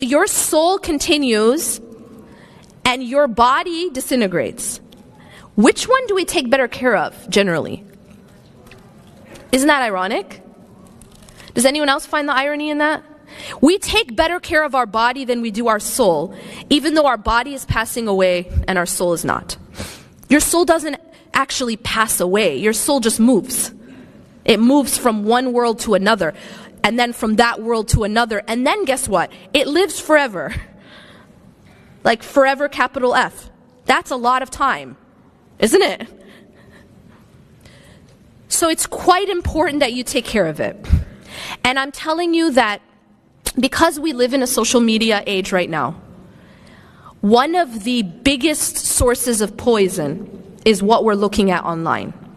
your soul continues and your body disintegrates. Which one do we take better care of generally? Isn't that ironic? Does anyone else find the irony in that? We take better care of our body than we do our soul, even though our body is passing away and our soul is not. Your soul doesn't actually pass away, your soul just moves. It moves from one world to another and then from that world to another. And then guess what? It lives forever. Like forever, capital F. That's a lot of time, isn't it? So it's quite important that you take care of it. And I'm telling you that because we live in a social media age right now, one of the biggest sources of poison is what we're looking at online.